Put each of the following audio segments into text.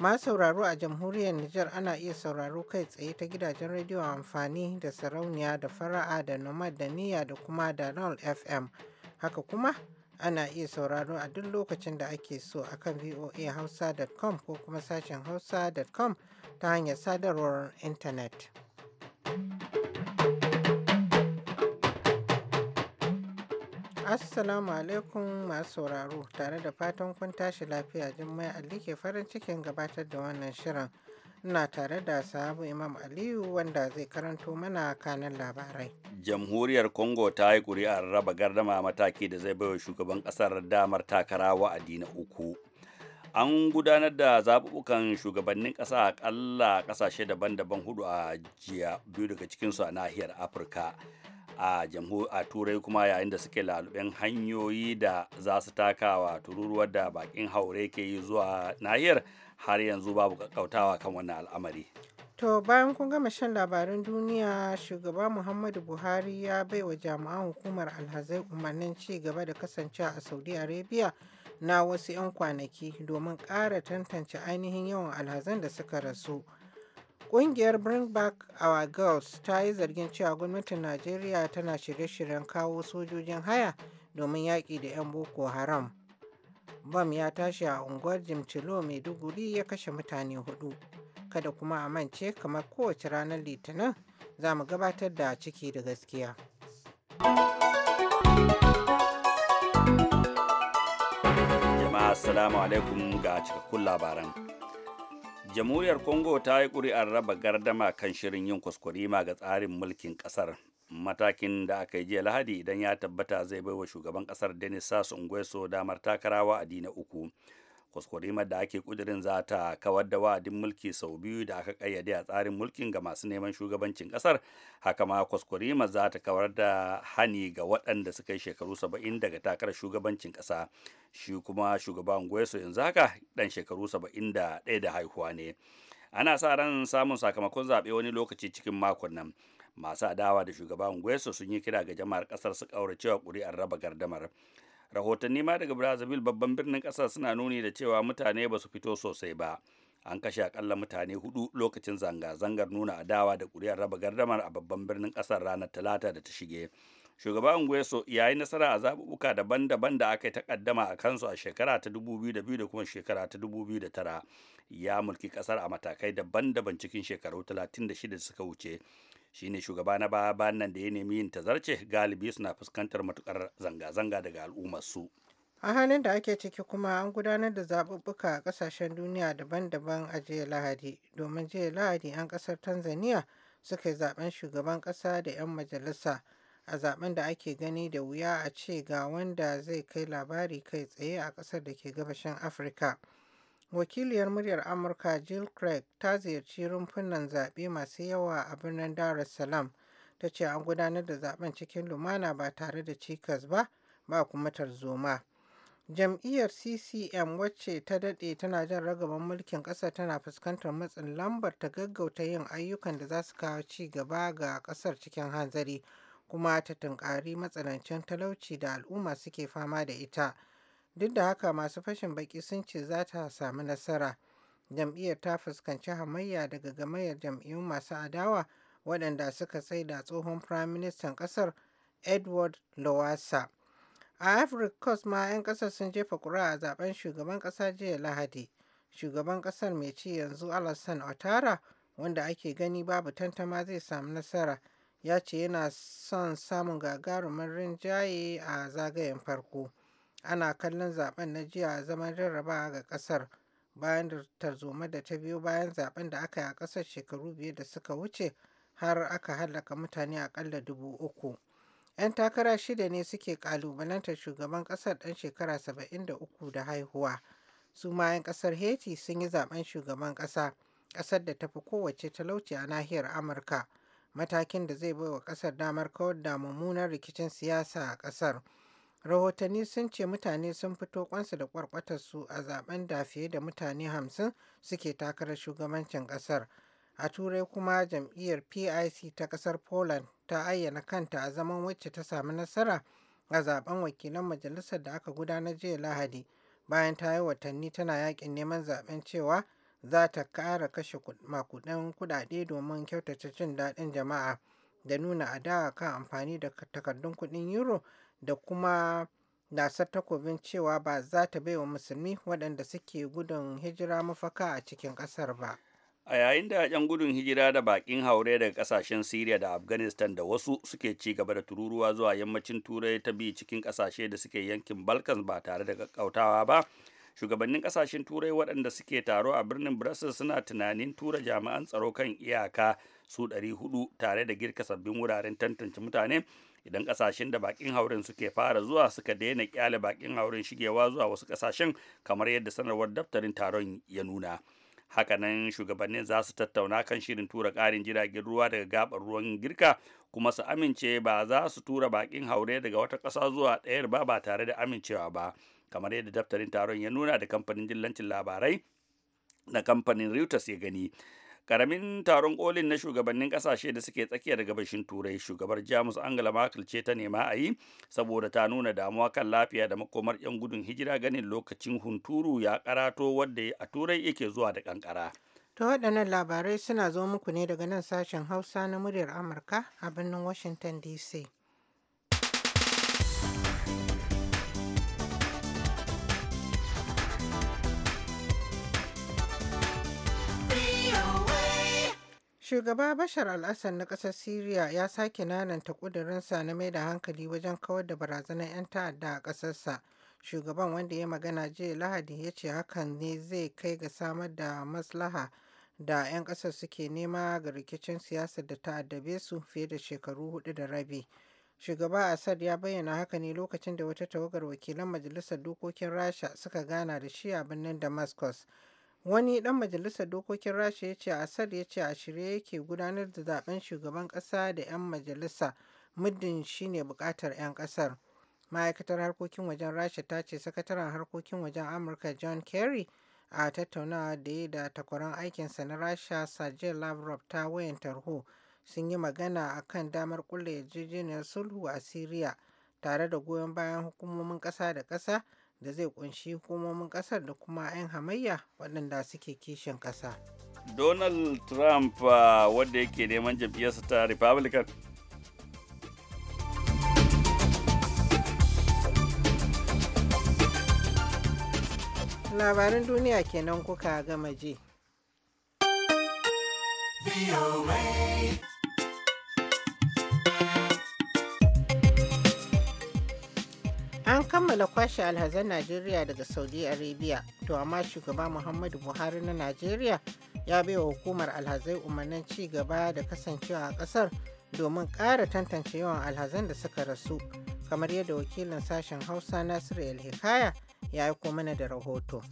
Ma sauraro a jamhuriyar Nijar ana iya sauraro kai tsaye ta gidajen rediyo amfani da sarauniya da fara'a da nomad da niyya da kuma da Nol FM. Haka kuma ana iya sauraro a duk lokacin da ake so a kan voahausa.com ko kuma sashen hausa.com ta hanyar sadarwar intanet. Assalamu alaikum masu sauraro tare da fatan kun tashi lafiya Jummai Ali ke farin cikin gabatar da wannan shirin. Ina tare da sahabu Imam Aliyu wanda zai karanto mana kanan labarai. Jamhuriyar Congo ta yi ƙuri'ar raba gardama mataki da zai baiwa shugaban ƙasar damar takara wa'adi na uku. An gudanar da zaɓuɓɓukan shugabannin ƙasa aƙalla ƙasashe daban-daban hudu a jiya biyu daga cikinsu a nahiyar Afirka. a a turai kuma yayin da suke lalubin hanyoyi da za su wa tururuwar da bakin haure ke yi zuwa nahiyar har yanzu babu kakkautawa kan wannan al'amari to bayan kun gama shan labarin duniya shugaba muhammadu buhari ya bai wa jami'an hukumar alhazai umarnin ci gaba da kasancewa a saudi arabia na wasu 'yan kwanaki domin ƙara tantance ainihin yawan alhazan da suka rasu. Ƙungiyar Bring Back Our Girls ta yi zargin cewa gwamnatin Najeriya tana shirye-shiryen kawo sojojin haya domin yaƙi da 'yan Boko Haram. Bam ya tashi a unguwar Jimtilo duguri ya kashe mutane hudu. Kada kuma a mance kamar kowace ranar Litinin za mu gabatar da ciki da gaskiya. Jama'a Assalamu alaikum ga cikakkun labaran. jamhuriyar congo ta yi ƙuri'ar raba gardama kan shirin yin kwaskwarima ga tsarin mulkin ƙasar matakin da aka yi jiya lahadi idan ya tabbata zai baiwa shugaban ƙasar denis sassou nguesso damar takarawa a dina uku kwaskwarimar da ake kudirin za ta kawar da wa'adin mulki sau biyu da aka kayyade a tsarin mulkin ga masu neman shugabancin kasar haka ma kwaskwarima za ta kawar da hani ga waɗanda suka yi shekaru saba'in daga takarar shugabancin kasa shi kuma shugaban gweso yanzu haka ɗan shekaru saba'in da ɗaya da haihuwa ne ana sa ran samun sakamakon zaɓe wani lokaci cikin makon nan masu adawa da shugaban gweso sun yi kira ga jama'ar ƙasar su ƙauracewa ƙuri'ar raba gardamar rahotanni ma daga brazil babban birnin kasar suna nuni da cewa mutane ba su fito sosai ba an kashe akalla mutane hudu lokacin zanga-zangar nuna adawa da kuri'ar raba gardamar a babban birnin kasar ranar talata da ta shige shugaban gueso ya yi nasara a zaɓuɓɓuka daban-daban da aka yi takaddama a kansu a shekara ta 2002 da kuma shekara ta 2009 ya mulki kasar a matakai daban-daban cikin shekaru 36 da suka wuce shine shugaba na baya bayan nan da ya nemi yin tazarce galibi suna fuskantar matukar zanga-zanga daga al'ummar su a halin da ake ciki kuma an gudanar da zaɓuɓɓuka a ƙasashen duniya daban-daban a jiya lahadi domin jiya lahadi an ƙasar tanzania suka yi zaɓen shugaban ƙasa da 'yan majalisa a zaɓen da ake gani da wuya a ce ga wanda zai kai labari kai tsaye a ƙasar da ke gabashin afirka Wakiliyar muryar Amurka Jill Craig ta ziyarci rumfunan zaɓe masu yawa a birnin Dar es Salaam ta ce an gudanar da zaben cikin lumana ba tare da cikas ba ba kuma tarzoma. Jam'iyyar CCM wacce ta daɗe tana jan ragaban mulkin ƙasa tana fuskantar matsin lambar ta gaggauta yin ayyukan da za su kawo ci gaba ga ƙasar cikin hanzari kuma ta tunkari matsanancin talauci da al'umma suke fama da ita. Duk da haka masu fashin baki sun ce za ta samu nasara. Jam'iyyar ta fuskanci hamayya daga gamayyar jam'iyyun masu adawa waɗanda suka sai da tsohon firaministan ƙasar Edward Lowassa. A Africa Coast ma 'yan ƙasar sun jefa ƙuri'a a zaben shugaban ƙasa jiya Lahadi. Shugaban ƙasar mai ci yanzu alassan otara wanda ake gani babu tantama zai samu nasara ya ce yana son samun gagarumin rinjaye a zagayen farko. ana kallon zaben na jiya a zaman jarrabawa ga kasar bayan da tarzoma da ta biyo bayan zaben da aka yi a kasar shekaru biyu da suka wuce har aka hallaka mutane akalla dubu uku. 'Yan takara shida ne suke kalubalantar shugaban kasar ɗan shekara saba'in da uku da haihuwa. Su ma 'yan kasar Haiti sun yi zaben shugaban ƙasa, ƙasar da tafi kowace talauci a nahiyar Amurka, matakin da zai baiwa ƙasar damar kawar da mummunan rikicin siyasa a ƙasar. rahotanni sun ce mutane sun fito kwansu da kwarkwatarsu a zaben da fiye da mutane hamsin suke takarar shugabancin kasar a turai kuma jam'iyyar pic ta kasar poland ta ayyana kanta a zaman wacce ta samu nasara a zaben wakilan majalisar da aka gudanar jiya lahadi bayan ta yi watanni tana yakin neman zaben cewa za ta kara kashe makudan kudade domin kyautata jin daɗin jama'a da nuna adawa kan amfani da takardun kuɗin euro da kuma gasar takobin cewa ba za ta baiwa musulmi waɗanda suke gudun hijira mafaka a cikin ƙasar ba. a yayin da 'yan gudun hijira da baƙin haure daga ƙasashen siriya da afghanistan da wasu suke ci gaba da tururuwa zuwa yammacin turai ta bi cikin ƙasashe da suke yankin balkans ba tare da kakkautawa ba shugabannin ƙasashen turai waɗanda suke taro a birnin brussels suna tunanin tura jami'an tsaro kan iyaka su 400 tare da girka sabbin wuraren tantance mutane idan kasashen da bakin hauren suke fara zuwa suka daina kyale bakin haurin shigewa zuwa wasu kasashen kamar yadda sanarwar daftarin taron ya nuna hakanan shugabannin za su tattauna kan shirin tura karin jiragen ruwa daga gabar ruwan girka kuma su amince ba za su tura bakin haure daga wata ƙasa zuwa ɗayar ba ba tare da amincewa ba kamar yadda daftarin taron ya nuna da kamfanin dillancin labarai na kamfanin Reuters ya gani karamin taron kolin na shugabannin kasashe da suke tsakiyar gabashin turai shugabar jamus angela merkel ce ta nema a yi saboda ta nuna damuwa kan lafiya da makomar yan gudun hijira ganin lokacin hunturu ya karato wadda a turai yake zuwa da kankara to waɗannan labarai suna zo muku ne daga nan sashen hausa na muryar amurka a birnin washington dc Shugaba Bashar al-Assad na kasar Siriya ya sake nananta ƙudurinsa na mai da hankali wajen kawar da barazanar 'yan ta'adda a kasarsa. Shugaban wanda ya magana jiya Lahadi ya ce hakan ne zai kai ga samar da maslaha da 'yan kasar suke nema ga rikicin siyasar da ta'addabe su fiye da shekaru hudu da rabi. Shugaba Assad ya bayyana haka ne lokacin da wata tawagar wakilan Majalisar Dokokin Rasha suka gana da shi a birnin Damascus. Wani ɗan majalisar dokokin Rasha ya ce asar ya ce a shirye yake gudanar da zaben shugaban ƙasa da 'yan majalisa muddin shine bukatar 'yan ƙasar. Ma'aikatar harkokin wajen Rasha ta ce sakataren harkokin wajen Amurka John Kerry a tattaunawa da ya da takwaran aikinsa na Rasha Sergei Lavrov ta wayan tarho sun yi magana a kan damar kulle yarjejeniyar sulhu a Siriya tare da goyon bayan hukumomin ƙasa da ƙasa da zai kunshi hukumomin kasar da kuma 'yan hamayya waɗanda suke kishin ƙasa. donald trump uh, ah, wadda yake neman jam'iyyarsa ta republican Labarin duniya kenan kuka gama je. kammala kwashe alhazan Najeriya daga Saudi Arabia, to amma shugaba Muhammadu Buhari na Najeriya ya bai wa hukumar alhazai umarnin ci gaba da kasancewa a kasar domin ƙara tantance yawan alhazan da suka rasu, kamar yadda wakilin sashen Hausa Nasiru El Hikaya ya aiko mana da rahoto.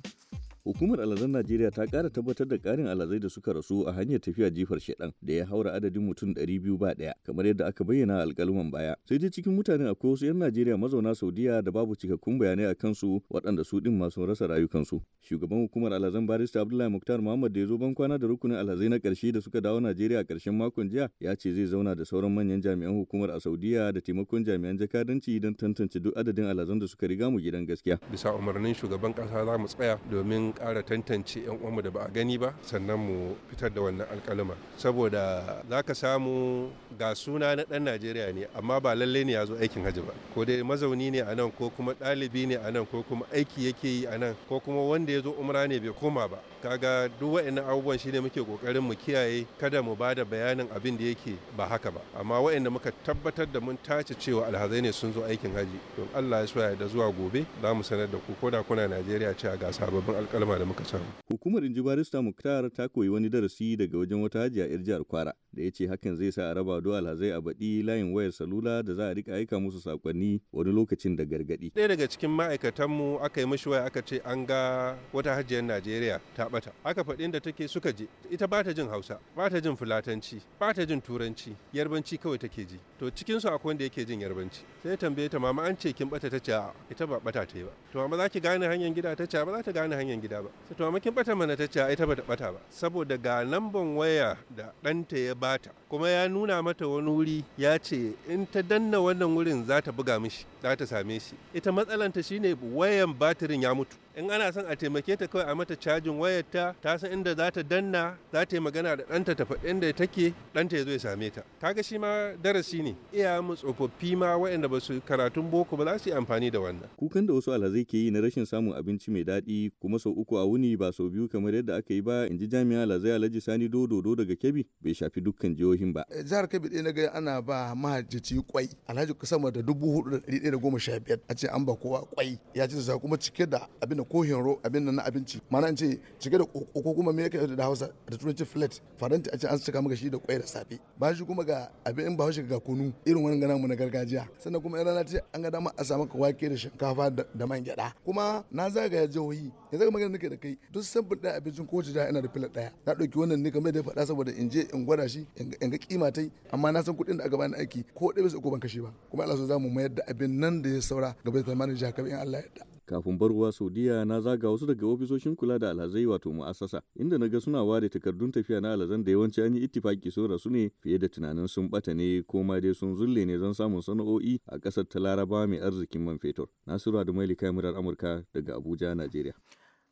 Hukumar alhazan Najeriya ta kara tabbatar da karin alazai da suka rasu a hanyar tafiya jifar shedan da ya haura adadin mutum ɗari biyu ba ɗaya kamar yadda aka bayyana alƙaluman baya. Sai dai cikin mutanen akwai wasu 'yan Najeriya mazauna Saudiya da babu cikakkun bayanai a kansu waɗanda su din masu rasa rayukansu. Shugaban hukumar Alazan Barista Abdullahi Muktar Muhammad da ya zo ban kwana da rukunin alazai na ƙarshe da suka dawo Najeriya a ƙarshen makon jiya ya ce zai zauna da sauran manyan jami'an hukumar a Saudiya da taimakon jami'an jakadanci don tantance duk adadin alazan da suka riga mu gidan gaskiya. Bisa umarnin shugaban ƙasa za mu tsaya domin kara tantance 'yan uwanmu da ba a gani ba sannan mu fitar da wannan alƙaluma saboda za ka samu ga suna na ɗan najeriya ne amma ba lalle ne ya zo aikin hajji ba ko dai mazauni ne a nan ko kuma ɗalibi ne a nan ko kuma aiki yake yi a nan ko kuma wanda ya zo umra ne bai koma ba kaga duk wa'annan abubuwan shine muke kokarin mu kiyaye kada mu ba da bayanin abin da yake ba haka ba amma wa'anda muka tabbatar da mun tace cewa alhazai ne sun zo aikin hajji don Allah ya soya da zuwa gobe za mu sanar da ku koda kuna Najeriya ce ga sababbin alƙalami kalma da muka samu. Hukumar inji barista Muktar ta koyi wani darasi daga wajen wata hajiya 'yar jihar Kwara da ya ce hakan zai sa a raba do alhazai a baɗi layin wayar salula da za a rika aika musu sakonni wani lokacin da gargaɗi. Ɗaya daga cikin ma'aikatanmu aka yi mishi waya aka ce an ga wata hajiyar Najeriya ta ɓata. Aka faɗin da take suka je. Ita ba ta jin Hausa, ba ta jin Fulatanci, ba ta jin Turanci, Yarbanci kawai take ji. To cikinsu akwai wanda yake jin Yarbanci. Sai tambaye ta mama an ce kin ɓata ta ce ita ba ɓata ta yi ba. To amma za ki gane hanyar gida ta ce ba za ta gane hanyar gida. gida ba sai to bata mana ta ce ai ta bata bata ba saboda ga lamban waya da danta ya bata kuma ya nuna mata wani wuri ya ce in ta danna wannan wurin za ta buga mishi za ta same shi ita matsalanta shine wayan batirin ya mutu in ana son a taimake ta kawai a mata cajin wayarta ta san inda za ta danna za ta yi magana da ɗanta ta faɗi inda take ɗanta ya zo ya same ta kaga shi ma darasi ne iya mu tsofaffi ma waɗanda ba su karatun boko ba za su yi amfani da wannan kukan da wasu alhazai ke yi na rashin samun abinci mai daɗi kuma sau uku a wuni ba sau biyu kamar yadda aka yi ba in ji jami'a alhazai alhaji sani dodo do daga kebbi bai shafi dukkan jihohin ba eh, jihar kebbi ɗaya na gaya ana ba mahajjaci kwai alhaji sama da dubu hudu da ɗari ɗaya da goma sha biyar a ce an ba kowa kwai ya ce kuma cike da abin da kohin ro abin nan na abinci mana an ce cike da koko kuma me yake da Hausa da turanci flat faranti a ce an saka maka shi da kwai da safe ba shi kuma ga abin in ba shi ga kunu irin wannan gana mu na gargajiya sannan kuma in rana ce an ga dama a samu ka wake da shinkafa da man gyada kuma na zagaya jihohi zaga magana nake da kai duk sabbin da abincin kowace jiha ina da filet daya na dauki wannan ne kamar da ya faɗa saboda in je in gwada shi in ga kima tai amma na san kuɗin da aka bani aiki ko ɗaya bisa uku ban kashe ba kuma Allah so za mu mayar da abin nan da ya saura gaba da tamanin jiha kamar in Allah ya yarda kafin barwa saudiya na zaga wasu daga ofisoshin kula da alhazai wato mu'assasa inda na ga suna ware takardun tafiya na alhazan da yawanci an yi ittifaki sun rasu ne fiye da tunanin sun bata ne ko ma dai sun zulle ne don samun sana'o'i a kasar ta laraba mai arzikin man fetur nasiru adamaili murar amurka daga abuja najeriya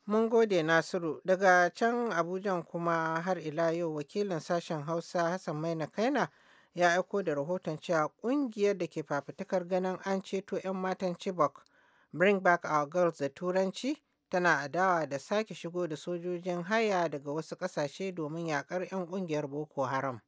mun gode nasiru daga can abujan kuma har ila yau wakilin sashen hausa hassan maina kaina ya aiko da rahoton cewa kungiyar da ke fafutukar ganin an ceto 'yan matan chibok Bring Back Our Girls da Turanci tana adawa da sake shigo da sojojin haya daga wasu ƙasashe domin yaƙar 'yan ƙungiyar Boko Haram.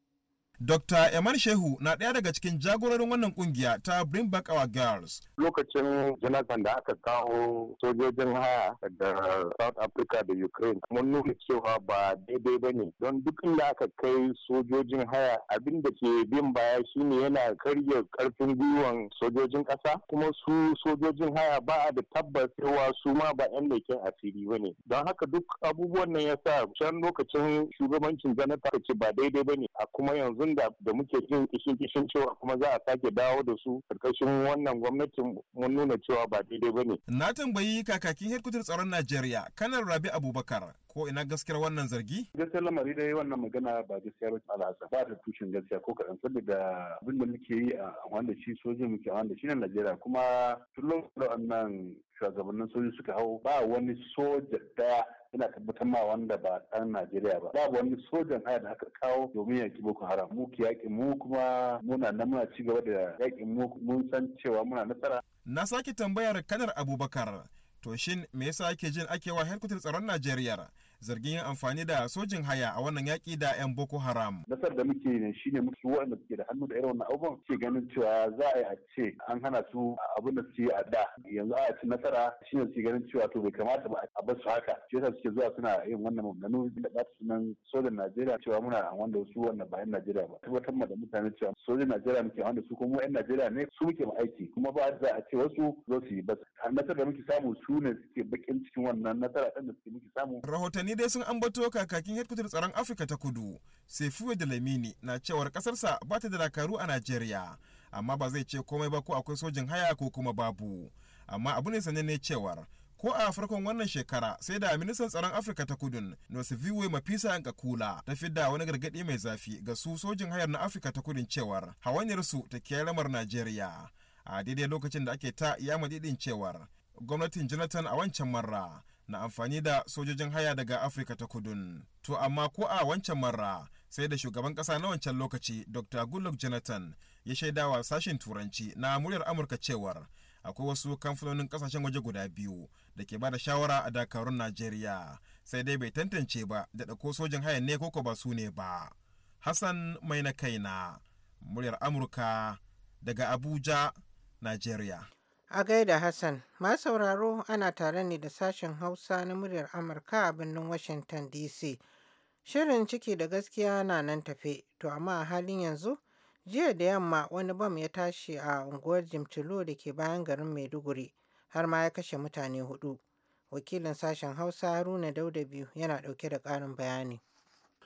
Dr. Eman Shehu na ɗaya daga cikin jagororin wannan kungiya ta Bring Back Our Girls. Lokacin Jonathan da aka kawo sojojin haya daga South Africa da Ukraine mun nuna cewa ba daidai ba ne don duk inda aka kai sojojin haya abin da ke bin baya shine yana karya karfin gwiwan sojojin ƙasa kuma su sojojin haya ba a da tabbas cewa su ma ba 'yan leken asiri ba ne. Don haka duk abubuwan nan ya sa can lokacin shugabancin Jonathan ce ba daidai ba ne a kuma yanzu kuɗin da muke jin kishin kishin cewa kuma za a sake dawo da su karkashin wannan gwamnatin mun nuna cewa ba daidai ba ne. Na tambayi kakakin hedkwatar tsaron Najeriya kanar Rabi Abubakar ko ina gaskiyar wannan zargi? Gaskiyar lamari dai wannan magana ba gaskiya ba alhasa ba da tushen gaskiya ko kadan saboda abin da muke yi a wanda shi sojin muke a wanda shi na Najeriya kuma tun lokacin da wannan shugabannin soji suka hau ba wani soja daya ina tabbatar ma wanda ba ɗan Najeriya ba babu wani sojan haya da aka kawo domin yaki Boko Haram mu ki yaƙi mu kuma muna nan muna ci gaba da yaƙin mu mun san cewa muna nasara na sake tambayar kanar Abubakar to shin me yasa ake jin ake wa harkutar tsaron Najeriya zargin yin amfani da sojin haya a wannan yaƙi da 'yan Boko Haram. Nasar da muke ne shine muke wa'anda suke da hannu da irin wannan abubuwan ke ganin cewa za a yi a ce an hana su abin da suke a da yanzu a ci nasara shine suke ganin cewa to bai kamata ba a bar su haka shi yasa suke zuwa suna yin wannan maganganu da ɓata sunan sojan Najeriya cewa muna wanda su wannan ba 'yan Najeriya ba tabbatar ma da mutane cewa sojan Najeriya muke wanda su kuma 'yan Najeriya ne su muke mu aiki kuma ba za a ce wasu zo su yi ba nasar da muke samu su ne suke bakin cikin wannan nasara ɗin da suke muke samu. Rahotanni ne dai sun ambato kakakin headquarter tsaron afirka ta kudu sefuwe da lamini na cewar kasarsa ba ta da dakaru a najeriya amma ba zai ce komai ba ko akwai sojin haya ko kuma babu amma abu ne ne cewar ko a farkon wannan shekara sai da ministan tsaron afirka ta kudun nosiviwe mafisa kakula ta fidda wani gargadi mai zafi ga su sojin hayar na afirka ta kudun cewar yarsu ta kiyaye lamar najeriya a daidai lokacin da ake ta ya didin cewar gwamnatin jonathan a wancan marra na amfani da sojojin haya daga afirka ta kudun to amma ko a wancan marra sai da shugaban kasa na wancan lokaci dr goodluck jonathan ya shaidawa sashen turanci na muryar amurka cewar akwai wasu kamfanonin kasashen waje guda biyu da ke bada shawara a dakarun najeriya sai dai bai tantance ba da ɗauko sojin haya ne koko ba su ne ba hassan mai na kaina muryar amurka daga abuja najeriya A gaida Hassan, ma sauraro ana tare ne da sashen Hausa na muryar Amurka a birnin Washington DC. Shirin ciki da gaskiya na nan tafe, to amma a halin yanzu, jiya da yamma wani bam ya tashi a unguwar Jimtilo da ke bayan garin Maiduguri, har ma ya kashe mutane hudu. Wakilin sashen Hausa Haruna Dauda biyu yana ɗauke da ƙarin bayani.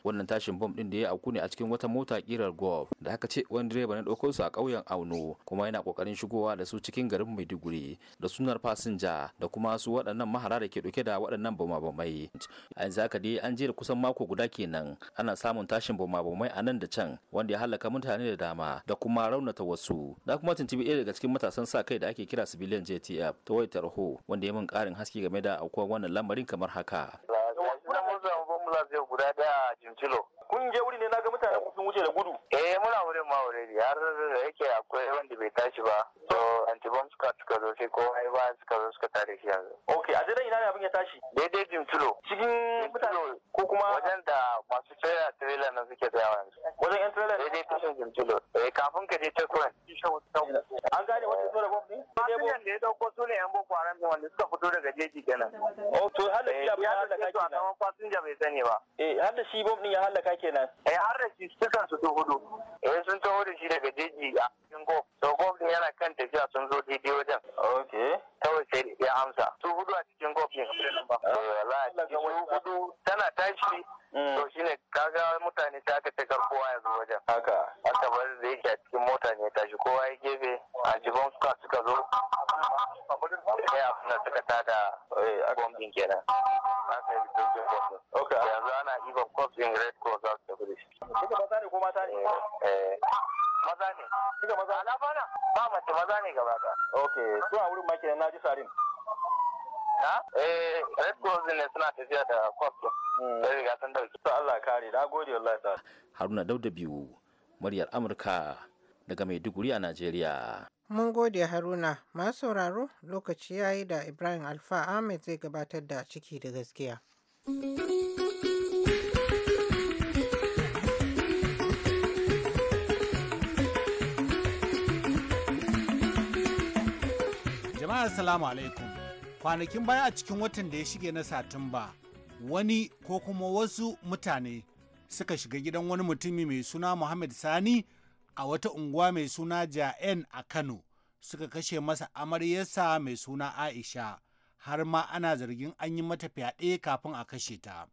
wannan tashin bom din da ya auku ne a cikin wata mota kirar golf da aka ce wani direba na dauko su a ƙauyen auno kuma yana kokarin shigowa da su cikin garin maiduguri da sunar fasinja da kuma su waɗannan mahara da ke ɗauke da waɗannan bumabumai a yanzu haka dai an jera kusan mako guda kenan ana samun tashin bumabumai a nan da can wanda ya halaka mutane da dama da kuma raunata wasu da kuma tuntubi ɗaya daga cikin matasan sa kai da ake kira civilian jtf ta wayar tarho wanda ya min ƙarin haske game da aukuwar wannan lamarin kamar haka. za su guda da a Kun je wuri ne na ga mutane sun wuce da gudu. Eh muna wurin ma wuri ne har da yake akwai wanda bai tashi ba. So antibom suka suka zo sai ko ai ba suka zo suka tare shi yanzu. Okay a jiran ina ne abin ya tashi. Daidai Jimcilo. Cikin mutane ko kuma. Wajen da masu tsaya trailer nan suke tsayawa yanzu. Wajen yan trailer. Daidai tashin Jimcilo. Eh kafin ka je Tekwan. An gane wanda zo da bomb ne? Masu yan da ya dauko su ne yan boko haram wanda suka fito daga jeji kenan. Oh to har da ya bi da kaki na. bai sani ba eh har da shi bom din ya halaka kenan eh har da shi sukan su to hudu eh sun taho da shi daga jeji a cikin gof so gof din yana kan tafiya sun zo daidai wajen okay kawai sai ya amsa su hudu a cikin gofin wallahi su hudu tana tashi mm. to shine kaga mutane ta aka takar kowa ya zo wajen haka aka bar da yake a cikin mota ne tashi kowa ya gefe a jibon suka suka zo sai a suna suka tada eh, bombin kenan aka yi jirgin bombin yanzu ana ibon kofin red cross za su tafi da shi. maza ne duka maza alabana ba mace maza ne gaba da okay so a wurin maki na ji sarin na eh red cross ne suna tafiya da kwafto hmm. da riga sun dauki to Allah kare da gode wallahi ta Haruna Dauda biyu muryar Amurka daga Maiduguri a Najeriya Mun gode Haruna masu sauraro lokaci yayi da Ibrahim Alfa Ahmed zai gabatar da ciki da gaskiya. Assalamu alaikum kwanakin baya a cikin watan da ya shige na satumba wani ko kuma wasu mutane suka shiga gidan wani mutumi mai suna muhammad sani a wata unguwa mai suna ja'en a kano suka kashe masa amaryarsa mai suna aisha har ma ana zargin an yi mata fyaɗe kafin a kashe ta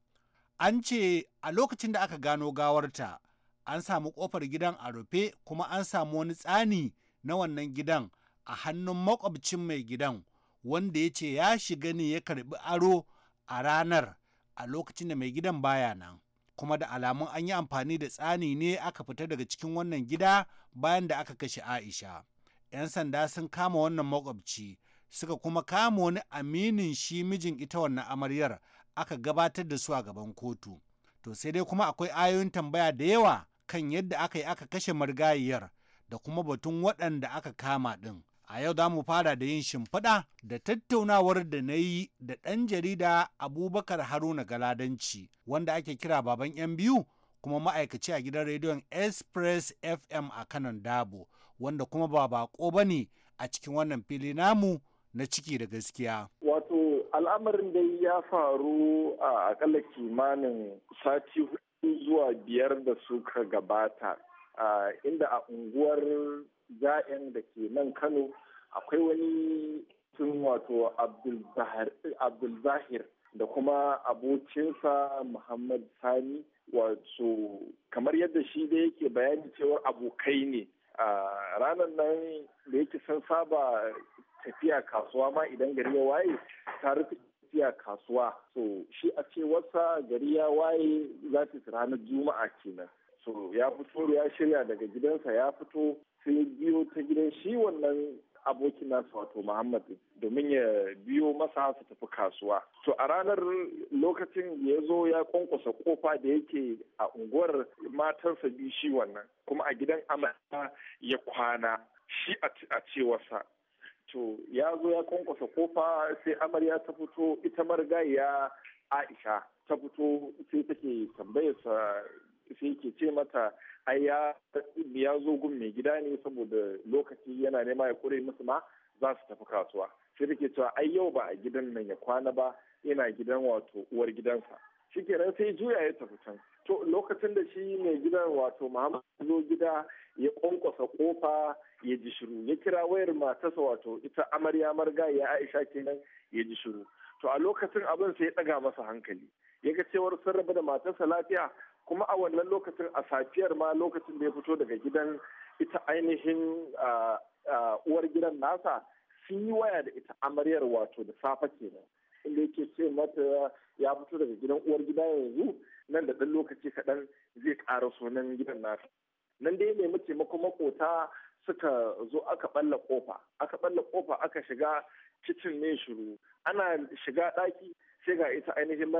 an ce a lokacin da aka gano gawarta an samu kofar gidan a rufe kuma an samu wani tsani na wannan gidan a hannun makwabcin mai gidan wanda ya ce ya shiga ne ya karbi aro a ranar a lokacin da mai gidan baya nan kuma da alamun an yi amfani da tsani ne aka fita daga cikin wannan gida bayan da aka kashe aisha 'yan sanda sun kama wannan makwabci suka kuma kama wani aminin shi mijin ita wannan amaryar aka gabatar da su a gaban kotu to sai dai kuma akwai ayoyin tambaya da yawa kan yadda aka yi aka kashe marigayiyar da kuma batun waɗanda aka kama ɗin A yau za mu fara da yin shimfiɗa da tattaunawar da na yi da ɗan jarida Abubakar Haruna Galadanci, wanda ake kira baban 'yan biyu kuma ma'aikaci a gidan rediyon Express FM a kanan Dabo, wanda kuma ba bako ba ne a cikin wannan fili namu na ciki da gaskiya. Wato al'amarin dai ya faru a akalla kimanin sati hudu zuwa biyar da suka gabata, inda a unguwar ja'in da ke nan kano akwai wani tun wato abdulzahir da kuma abokinsa muhammad sani wato kamar yadda shi da yake bayani cewar abokai ne a ranar nan da yake san saba tafiya kasuwa ma idan gari ya waye ta rufe tafiya kasuwa so shi a cewarsa gari ya waye za ta ranar juma'a kenan so ya fito ya shirya daga gidansa ya fito sai ya biyo ta gidan shi wannan abokin nasu wato Muhammad domin ya biyo masa su tafi kasuwa. To a ranar lokacin ya zo ya kwankwasa kofa da yake a unguwar matarsa bi shi wannan kuma a gidan amata ya kwana shi a cewarsa. To ya zo ya kwankwasa kofa sai amarya ta fito ita marigayya Aisha ta fito sai take tambayarsa sai ke ce mata ai ya zo gun mai gida ne saboda lokaci yana nema ya kure musu ma za su tafi kasuwa sai take cewa ai yau ba a gidan nan ya kwana ba yana gidan wato uwar gidansa shikenan sai juya ya tafi can to lokacin da shi mai gidan wato Muhammad zo gida ya kwankwasa kofa ya ji shiru ya kira wayar matarsa wato ita amarya marga ya Aisha kenan ya ji shiru to a lokacin abin sai ya daga masa hankali ya ga cewar sun rabu da matarsa lafiya kuma a wannan lokacin a safiyar ma lokacin da ya fito daga gidan ita ainihin uwar gidan nasa sun yi waya da ita amaryar wato da safa kenan inda yake ce mata ya fito daga gidan uwar gida yanzu nan da ɗan lokaci kaɗan zai ƙara sunan gidan nasa nan dai nemi taimako makota suka zo aka ɓalla ƙofa aka balla kofa aka shiga kicin ne shiru ana shiga ɗaki sai ga ita ainihin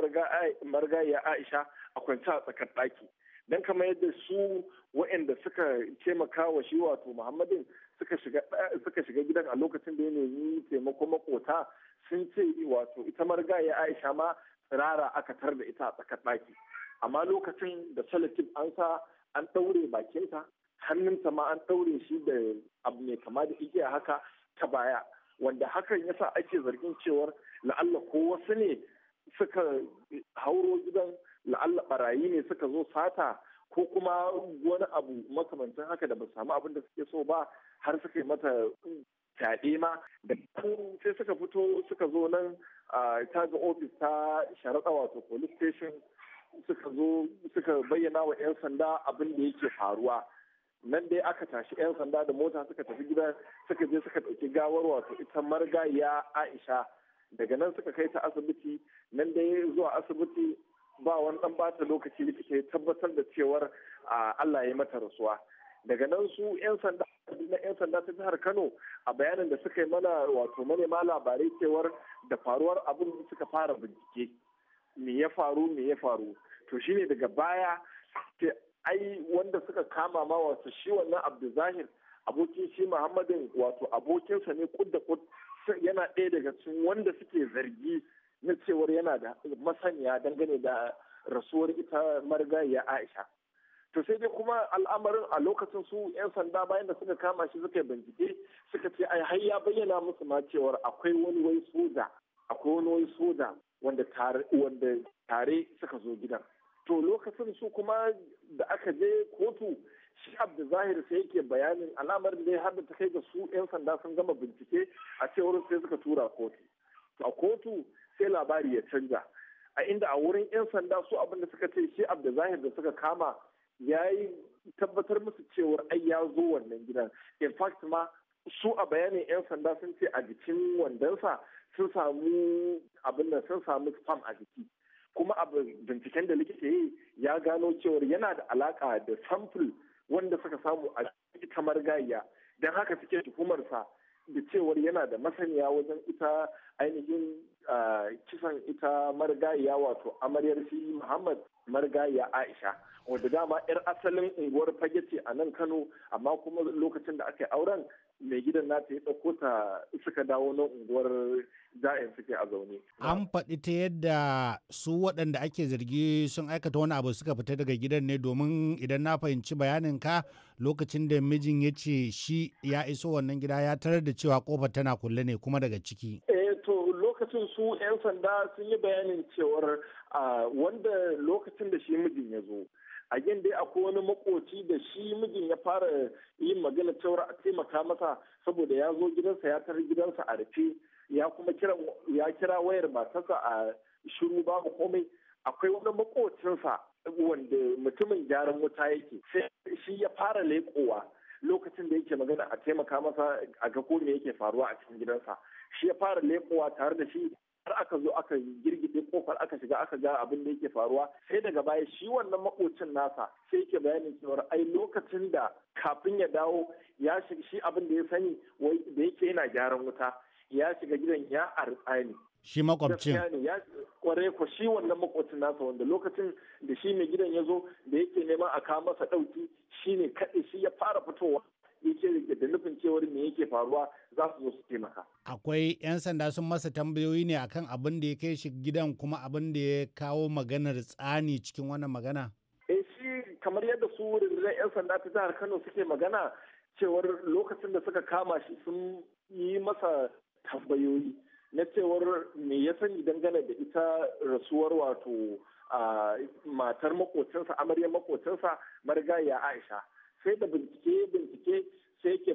marigayya aisha a kwance a tsakar ɗaki don kamar yadda su waɗanda suka taimaka wa shi wato muhammadin suka shiga eh, gidan a lokacin da ya nemi taimako makota sun ce wato ita marigayya aisha ma tsirara aka tar da ita a tsakar ɗaki amma lokacin da salatif an sa an ɗaure bakinta hannunta ma an ɗaure shi da abu mai kama da igiya haka ta baya wanda hakan yasa ake zargin cewar la'alla ko wasu ne suka hauro gidan la'alla barayi ne suka zo sata ko kuma wani abu makamancin haka da ba samu abin da suke so ba har suka yi mata fyaɗe ma da sai suka fito suka zo nan ta ga ofis ta sharaɗa wato police station suka zo suka bayyana wa 'yan sanda abin da yake faruwa nan dai aka tashi 'yan sanda da mota suka tafi gidan suka je suka ɗauki gawar wato ita marigayya aisha daga nan suka kai ta asibiti nan dai zuwa asibiti ba wani dan bata lokaci likita ya tabbatar da cewar Allah ya mata rasuwa daga nan su 'yan sanda na 'yan sanda ta jihar kano a bayanin da suka yi mana wato manema labarai cewar da faruwar abin suka fara bincike me ya faru me ya faru to shine daga baya ai wanda suka kama ma wato shi wannan abdulzahir abokin shi muhammadin wato abokinsa ne kud da kud yana ɗaya daga cikin wanda suke zargi na cewar yana da masaniya dangane da rasuwar ita marigayiya aisha to sai dai kuma al'amarin a lokacin su 'yan sanda bayan da suka kama shi suka bincike suka ce ai har ya bayyana musu ma cewar akwai wani wai soja akwai wani wai soja wanda tare wanda tare suka zo gidan to lokacin su kuma da aka je kotu shi abdu zahir sai yake bayanin alamar da har da ta kai ga su 'yan sanda sun gama bincike a cewar sai suka tura kotu a kotu sai labari ya canja a inda a wurin 'yan sanda su abin da suka ce shi abdu zahir da suka kama ya yi tabbatar musu cewar ai ya zo wannan gidan in fact ma su a bayanin 'yan sanda sun ce a jikin wandansa sun samu abin nan sun samu spam a jiki kuma abin binciken da likita yi ya gano cewar yana da alaka da sample wanda suka samu a cikin kamar gayya don haka suke tuhumarsa da cewar yana da masaniya wajen ita ainihin ah, kisan ita marigayya wato amaryar shi muhammad marigayya aisha wadda dama 'yar asalin unguwar fage ce a nan kano amma kuma lokacin da aka yi auren mai gidan nata ya ɗauko ta suka dawo na unguwar ja'in suke a zaune. An faɗi ta yadda su waɗanda ake zargi sun aikata wani abu suka fita daga gidan ne domin idan na fahimci bayanin ka lokacin da mijin ya ce shi ya iso wannan gida ya tarar da cewa kofar tana kulle ne kuma daga ciki. Eh, lokacin su 'yan sanda sun yi bayanin cewar wanda lokacin da shi mijin ya zo a yin dai akwai wani makoci da shi mijin ya fara yin magana cewar a taimaka masa saboda ya zo gidansa ya tarar gidansa a rufe ya kuma ya kira wayar matarsa a shiru babu komai akwai wani makocinsa wanda mutumin gyaran wuta yake sai shi ya fara leƙowa lokacin da yake magana a taimaka masa a ga ko me yake faruwa a cikin gidansa shi ya fara lekowa tare da shi har aka zo aka girgide kofar aka shiga aka ga abin da yake faruwa sai daga baya shi wannan makocin nasa sai yake bayanin cewar ai lokacin da kafin ya dawo ya shi abin da ya sani da yake yana gyaran wuta ya shiga gidan ya artsani shi makwabcin ya kware ku shi wannan makwabcin nasa wanda lokacin da shi mai gidan ya zo da yake neman a kawo masa ɗauki shi ne kaɗai shi ya fara fitowa yake da nufin cewar me yake faruwa za su zo su taimaka. Akwai 'yan sanda sun masa tambayoyi ne akan abin da ya kai shi gidan kuma abin da ya kawo maganar tsani cikin wannan magana? Eh shi kamar yadda su wurin 'yan sanda ta jihar Kano suke magana cewar lokacin da suka kama shi sun yi masa tambayoyi. na cewar me ya sani dangane da ita rasuwar wato matar makocinsa amaryar makocinsa marigayya aisha sai da bincike bincike sai yake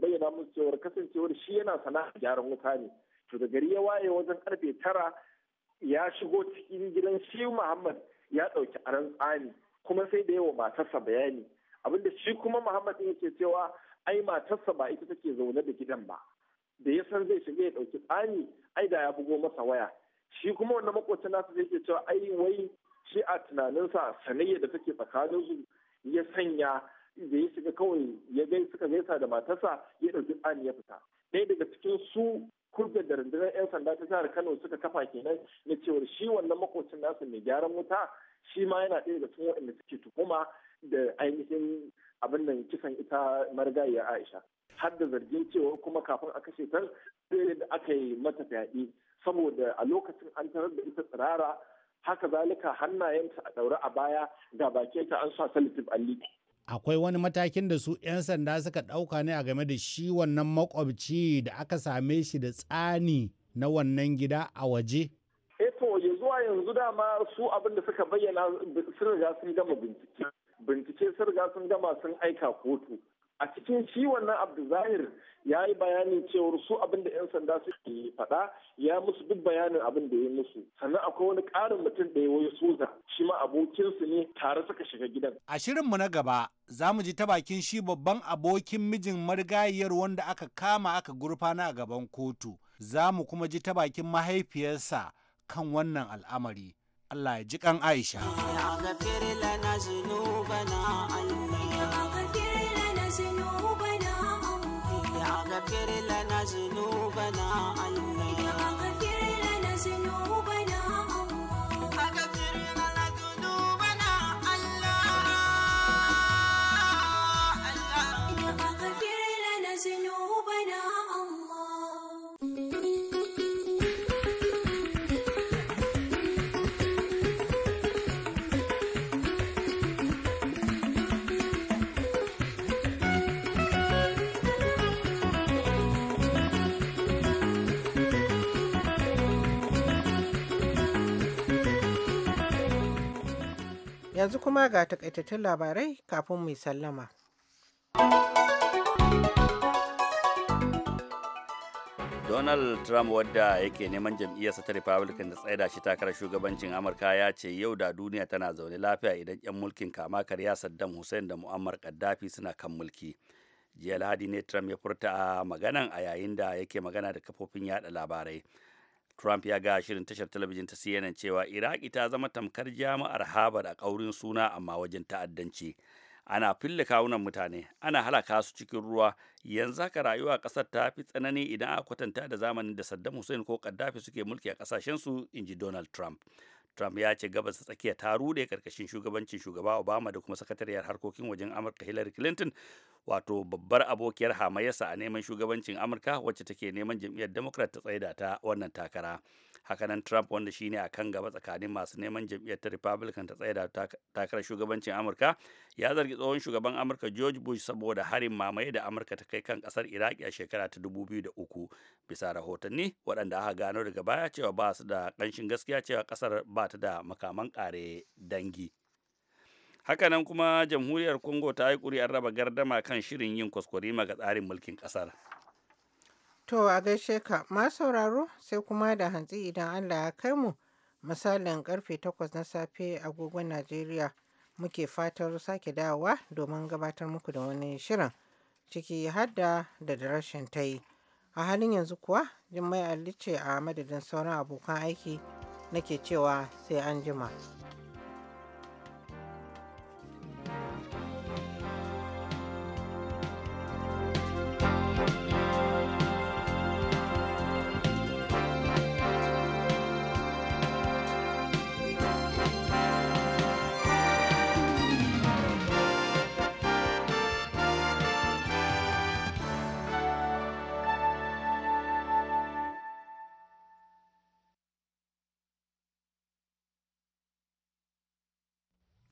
bayyana musu cewar kasancewar shi yana sana'a gyaran wuta ne to da gari ya waye wajen karfe tara ya shigo cikin gidan shi muhammad ya ɗauki aran tsani kuma sai da yawa matarsa bayani abinda shi kuma muhammad yake cewa ai matarsa ba ita take zaune da gidan ba da ya san zai shiga ya ɗauki tsani ai da ya bugo masa waya shi kuma wanda makwacin nasa zai ke cewa ai wai shi a tunaninsa sanayya da take tsakanin su ya sanya da ya shiga kawai ya gai suka gaisa da matarsa ya ɗauki tsani ya fita ɗaya daga cikin su kurbe da rundunar 'yan sanda ta jihar kano suka kafa kenan na cewar shi wannan makocin nasu mai gyaran wuta shi ma yana ɗaya daga cikin waɗanda suke tuhuma da ainihin abin nan kisan ita marigayiya aisha har da zargin cewa kuma kafin a kashe ta sai da aka yi mata fyaɗe saboda a lokacin an tarar da ita tsirara haka zalika hannayenta a ɗaure a baya ga ta an sa salitif alli. Akwai wani matakin da su 'yan sanda suka ɗauka ne a game da shi wannan makwabci da aka same shi da tsani na wannan gida a waje? Eto eh ya zuwa yanzu dama su abin da suka bayyana sun riga sun gama bincike. Bincike sun riga sun gama sun aika kotu. a cikin shi wannan abdulzahir ya yi bayanin cewar su abin da 'yan sanda suke faɗa ya musu duk bayanin abin da ya musu sannan akwai wani ƙarin mutum da ya waye soja shi ma abokinsu ne tare suka shiga gidan a shirin mu na gaba za mu ji ta bakin shi babban abokin mijin marigayiyar wanda aka kama aka gurfana a gaban kotu za mu kuma ji ta bakin mahaifiyarsa kan wannan al'amari Allah ya ji kan Aisha. bana Yanzu kuma ga takaitattun labarai kafin muyi sallama. Donald Trump wadda yake neman jam'iyyarsa ta Republican da tsaida shi takarar shugabancin Amurka ya ce yau da duniya tana zaune lafiya idan 'yan mulkin kama karya Saddam Hussein da Muammar Gaddafi suna kan mulki. Jiya Lahadi ne Trump ya furta a maganan a yayin da yake magana da kafofin yada labarai. Trump ya ga shirin tashar talabijin ta CNN cewa Iraki ta zama tamkar jama'ar Harvard a ƙaurin suna amma wajen ta'addanci. Ana fille kawunan mutane, ana halaka su cikin ruwa, yanzu haka rayuwa ƙasar ta fi tsanani idan aka kwatanta da zamanin da Saddam Hussein ko Gaddafi suke mulki a ƙasashensu, in ji Donald Trump. Trump ya ce gabas tsakiya ta rude karkashin shugabancin shugaba Obama da kuma sakatariyar harkokin wajen Amurka Hillary Clinton wato babbar abokiyar hamayyarsa a neman shugabancin Amurka wacce take neman jam'iyyar Democrat ta tsaida ta wannan takara. hakanan trump wanda shine a kan gaba tsakanin masu neman jam'iyyar ta republican ta tsaye da takarar shugabancin amurka ya zargi tsohon shugaban amurka george bush saboda harin mamaye da amurka ta kai kan kasar iraki a shekara ta 2003 bisa rahotanni waɗanda aka gano daga baya cewa ba su da ƙanshin gaskiya cewa kasar ba ta da makaman ƙare dangi hakanan kuma jamhuriyar congo ta yi ƙuri'ar raba gardama kan shirin yin kwaskwari maga tsarin mulkin ƙasar To a gaishe ka, ma sauraro sai kuma da hantsi idan Allah ya kai mu misalin karfe 8 na safe agogon Najeriya muke fatar sake dawowa domin gabatar muku da wani shirin ciki hadda da da ta yi. A halin yanzu kuwa Jummai Ali ce a madadin sauran abokan aiki nake cewa sai an jima.